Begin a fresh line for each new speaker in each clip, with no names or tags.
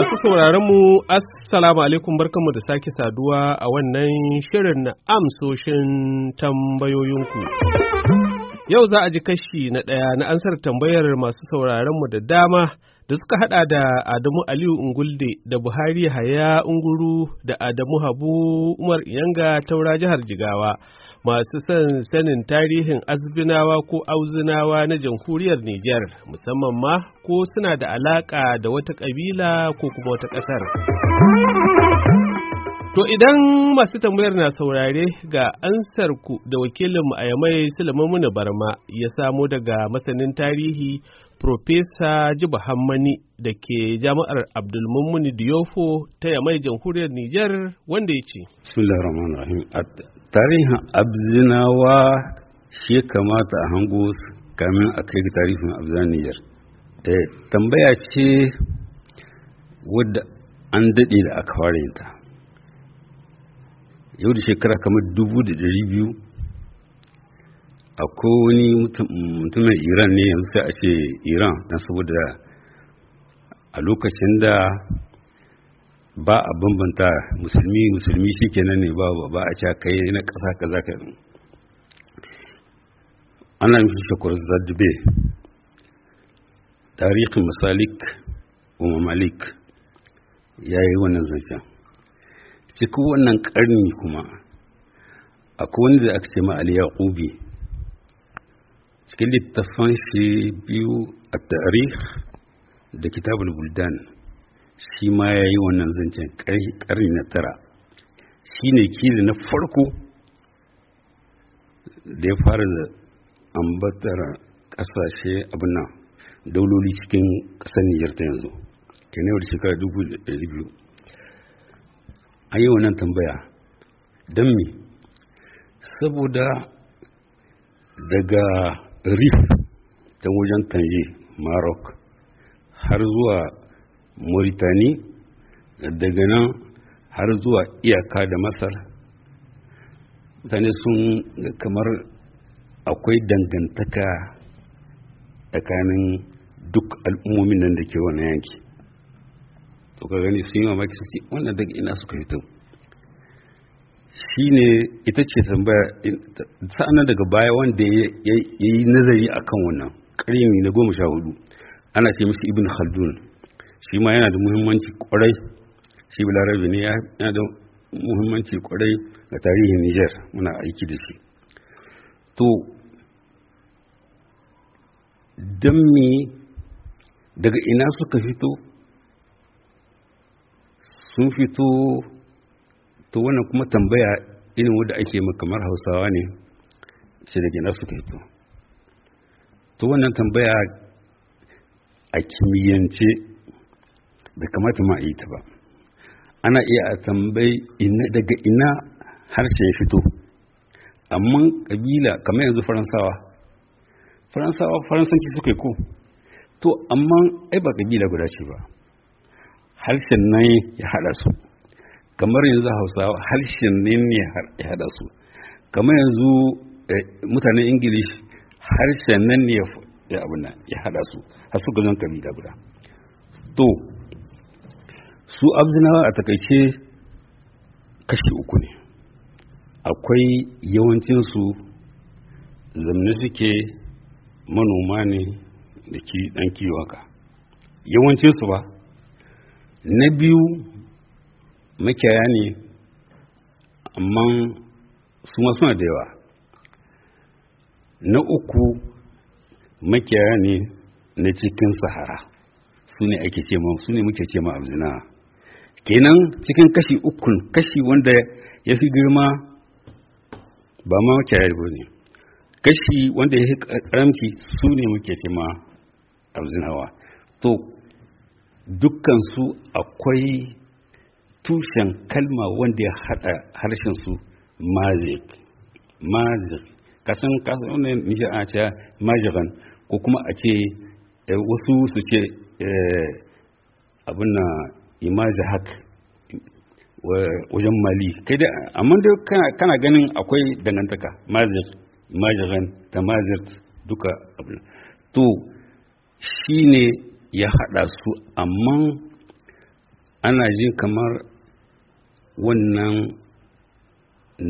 Masu sauraron mu Assalamu alaikum barkanmu da sake saduwa a wannan shirin amsoshin tambayoyinku. Yau za a ji kashi na ɗaya na ansar tambayar masu sauraron mu da dama da suka hada da Adamu Aliyu Ungulde da Buhari Haya Unguru da Adamu Habu Umar Iyanga taura jihar Jigawa. masu son sanin tarihin azbinawa ko auzinawa na jamhuriyar Nijar musamman ma ko suna da alaka da wata ƙabila ko kuma wata ƙasar. To idan masu tambayar na saurare ga ansarku da wakilinmu a yamai Sulaiman Barma ya samo daga masanin tarihi Profesa Jibu Hammani da ke jami'ar Abdulmumuni Diyofo ta yamai jamhuriyar Nijar wanda ya ce.
Bismillahirrahmanirrahim. tarihin abzinawa shi kamata a hango kamin a kai tarihin abzaniyar ta tambaya ce wadda an daɗe da aka ware ta yau da shekara kamar dubu da ɗari biyu akwai wani mutumin iran ne yanzu sai a ce iran don saboda a lokacin da ba a bambanta musulmi musulmi shi kenan ne ba ba a cewa kai na ƙasa kaza ka yi. ana shi shakur zadbe tarihin masalik umar malik ya yi wannan zancen cikin wannan ƙarni kuma akwai wanda aka ce ma aliyu yaqubi cikin littafan shi biyu a tarih da kitabul buldan shi ma ya yi wannan zancen ƙarni na tara shi ne kila na farko da ya fara da ambatar ƙasashe abin nan dauloli cikin ƙasar nijar ta yanzu ke ne shekara dubu da biyu a yi wannan tambaya don me saboda daga rif ta wajen tanje maroc har zuwa Mauritani daga nan har zuwa iyaka da Masar mutane sun kamar akwai dangantaka tsakanin duk al'ummomin nan da ke wani yanki to ka gani sun yi mamaki su ce wannan daga ina suka fito shi ne ita ce tambaya sa'anan daga baya wanda ya yi nazari akan wannan ƙarni na goma sha hudu ana ce musu ibn khaldun shi ma yana da muhimmanci kwarai shi balarabe ne yana da muhimmanci kwarai ga tarihin niger muna aiki da shi to don me daga ina suka fito sun fito to wannan kuma tambaya irin wadda ake kamar hausawa ne shi daga ina suka fito to wannan tambaya a kimiyyance bai kamata ma a yi ta ba ana iya a tambayi daga ina harshe ya fito amma kabila kamar yanzu faransawa faransawa faransanci suka yi ko to amma ai ba kabila guda ce ba harshen nan ya hada su kamar yanzu hausawa harshen ne ya hada su kamar yanzu eh, mutanen ingilish harshen nan ne ya abin ya hada su har su gazon kabila guda to su abzinawa a takaice kashi uku ne akwai yawancinsu zamne suke manoma ne da ke ɗan kiwaka yawancinsu ba na biyu makiyaya ne amma su ma suna da yawa na uku makiyaya ne na cikin sahara su ne ake ce ma su ne muke ce ma abzinawa kenan cikin kashi ukun kashi wanda ya fi girma ba ma makiyaya ne kashi wanda ya fi karamci su ne muke ce ma abzin to dukkansu akwai tushen kalma wanda ya haɗa harshen mazik mazik kasan kasan ne a ce majigan ko kuma a ce eh, wasu su ce eh, abin na imaji hak wajen mali kai da amma da kana ganin akwai dangantaka mazir majiran da mazir duka abin to shi ne ya hada su amma ana jin kamar wannan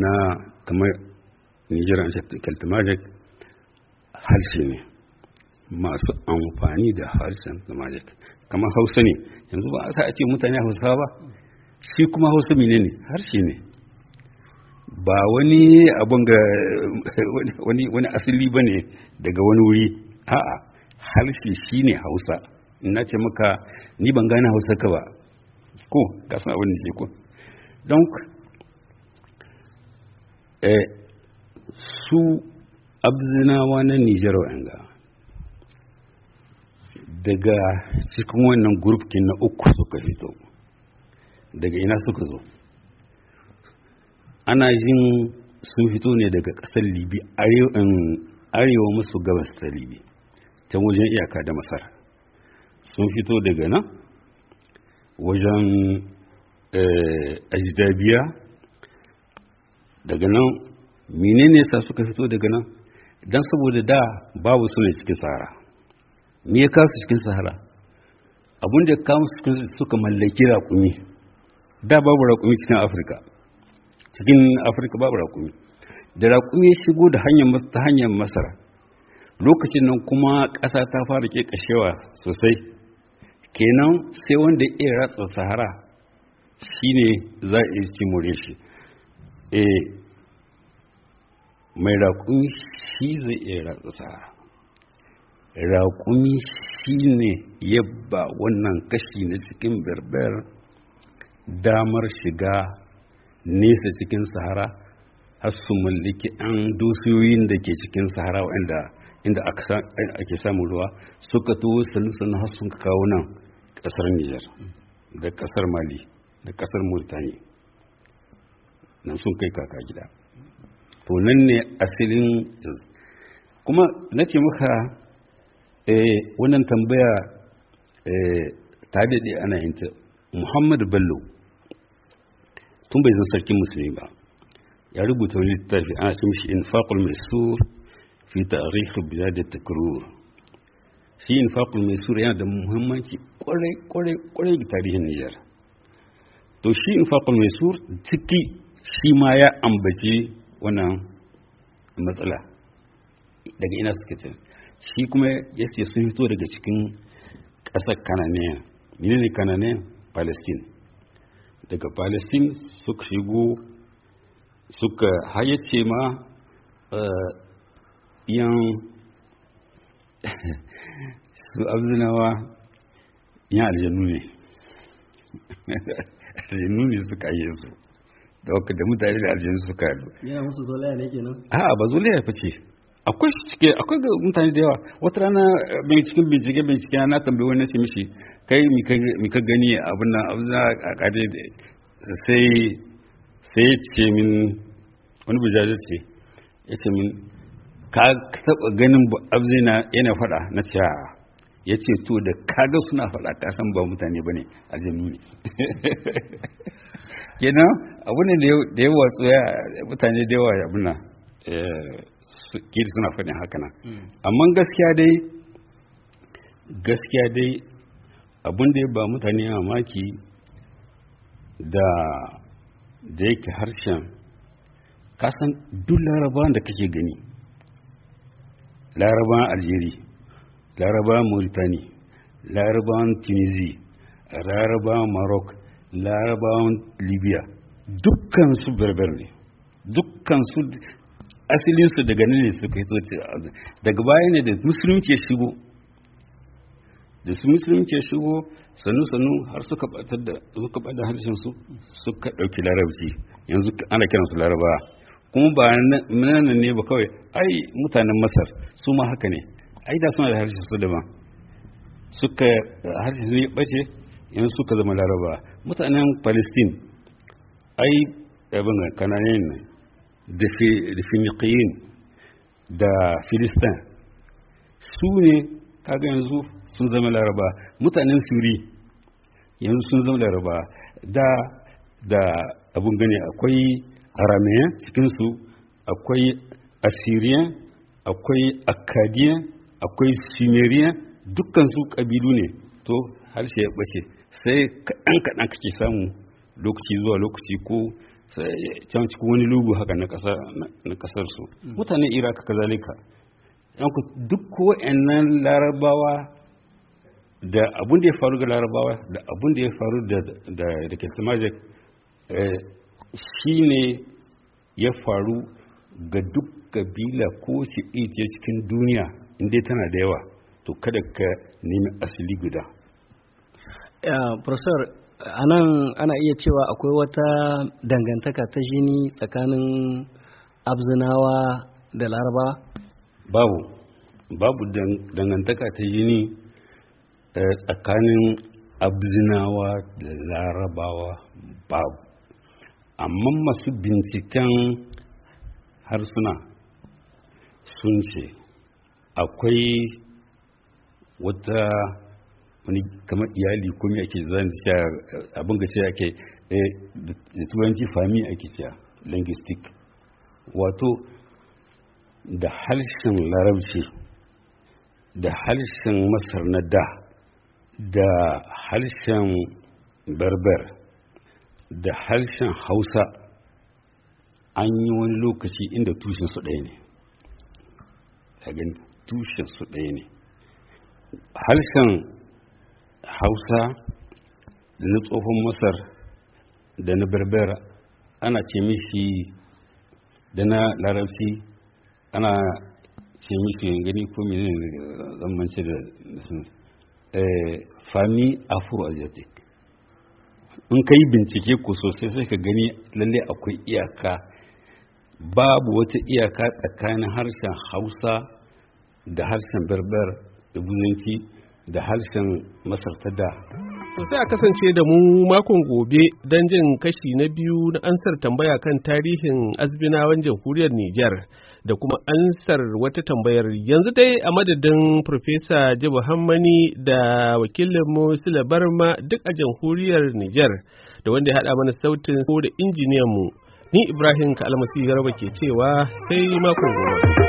na kamar nigeria kaltamajik harshe ne masu amfani da harshen tamajik kamar hausa ne yanzu ba a ce mutane hausa ba shi kuma hausa mine ne harshe ne ba wani abun ga wani asali ba ne daga wani wuri a'a harshe shi ne hausa na ce maka ni ban gane hausa ka ba ko kasan abin da ko don eh, su abzinawa na nijar wa'anga daga cikin wannan gurfkin na uku suka fito daga ina suka zo ana jin sun fito ne daga ƙasar libi arewa musu um, gabas ta libi ta wajen iyaka da masar sun fito daga nan wajen eh, ajidabiya daga nan menene sa suka fito daga nan don saboda da babu su ne cikin tsara me ya kasu cikin sahara abin da kamu suka mallaki raƙumi da babu raƙumi cikin afirka cikin afirka babu raƙumi da raƙumi ya shigo da hanyar ta hanyar masara lokacin nan kuma ƙasa ta fara kashewa sosai kenan sai wanda ya iya ratsa sahara shine za a yi more shi eh mai raƙumi shi zai iya ratsa sahara raƙumi shine yabba wannan kashi na cikin berber damar shiga nesa cikin sahara har su mallaki an dusiyoyin da ke cikin sahara inda inda ake samun ruwa suka tuwo sannan har sun kawo nan ƙasar Nijar da ƙasar Mali da ƙasar Murtani nan sun kai kaka gida to nan ne asilin kuma na ce maka Eh, wannan tambaya eh, ta daɗe ana yin ta Muhammadu Bello tun bai zan sarkin musulmi ba ya rubuta wani littafi ana ce mishi infaqul maisur fi tarikh bilad at-takrur shi infaqul maisur yana da muhimmanci kwarai kwarai kwarai ga tarihin Nijar to shi infaqul maisur ciki shi ma ya ambaci wannan matsala daga ina suka tafi shi kuma ya ce sun fito daga cikin ƙasar kananiya ne kananiya palestine daga palestine suka shigo suka hayyace ma eh, yan su abzinawa yan aljanu ne aljanu ne suka yi su da mutane da aljanu suka yi a ba zolaya fice akwai shi cike akwai ga mutane da yawa wata rana bin eh, cikin bincike bincike na tambayi wani ce mishi kai mi ka gani abin nan abin na a kare da sai sai ce min wani bujaje ce ya ce min ka taba ganin abzina yana fada na ce ya ce to da kaga suna fada ka san ba mutane bane a aljanu ne kenan abu ne da yawa tsoya mutane da yawa abuna kiri suna faɗin haka nan hmm. amma gaskiya dai gaskiya dai abin da ya ba mutane mamaki da da yake harshen kasan duk larabawan da kake gani larabawan algeria larabawan mauritani larabawan tunisia larabawan maroc larabawan libya dukkan su berber ne dukkan su asalin su daga nan ne suka hito daga baya ne da musulunci ya shigo da su musulunci ya shigo sannu sannu har suka batar da suka bada harshen su suka dauki larabci yanzu ana kiransu laraba kuma ba nan ne ba kawai ai mutanen masar su ma haka ne ai da suna da harshen su daban suka harshen su ne bace yanzu suka zama laraba mutanen palestine ai abin kanane ne da da filistin su ne kaga yanzu sun zama laraba mutanen siri yanzu sun zama laraba da da abun gani akwai aramiyan cikinsu akwai asiriyan akwai akadiyan akwai sumeriyan dukansu ƙabilu ne to harshe ya bace sai kaɗan kaɗan kake samu lokaci zuwa lokaci ko Eh, can cikin wani lugu haka na kasar su mm. mutanen iraq kazalika duk wa'annan larabawa da abin da ya faru ga larabawa da abin da ya faru da keltimajik eh, shi ne ya faru ga duk kabila ko shi ije cikin duniya inda tana da yawa to kada ka nemi asali guda eh, Profesor a nan ana iya cewa akwai wata dangantaka ta jini tsakanin abzinawa da laraba babu babu dangantaka ta jini eh, tsakanin abzinawa da larabawa babu amma masu binciken harsuna sun ce akwai wata wani kamar iyali komai ake zan cewa abin ga cewa ake eh, da turanci fami ake cewa linguistic wato da harshen larabci da harshen masar na da da harshen berber da harshen hausa an yi wani lokaci inda tushen su ɗaya ne tushen su ɗaya ne harshen hausa da na tsohon masar da na berbera ana ce mishi da na larabci ana ce mishi gani ko mene ne zammance da eh, fami afro asiatic in ka yi bincike ku sosai sai ka gani lalle akwai iyaka babu wata iyaka tsakanin harshen hausa da harshen berber da buzanci da harshen masar ta da
sai a kasance da mu makon gobe don jin kashi na biyu na ansar tambaya kan tarihin azbinawan jamhuriyar Nijar da kuma ansar wata tambayar yanzu dai a madadin Profesa Jibu Hammani da wakilinmu Sila Barma duk a jamhuriyar Nijar da wanda ya haɗa mana sautin ko da injiniyanmu ni Ibrahim Kalmasi Garba ke cewa sai makon gobe.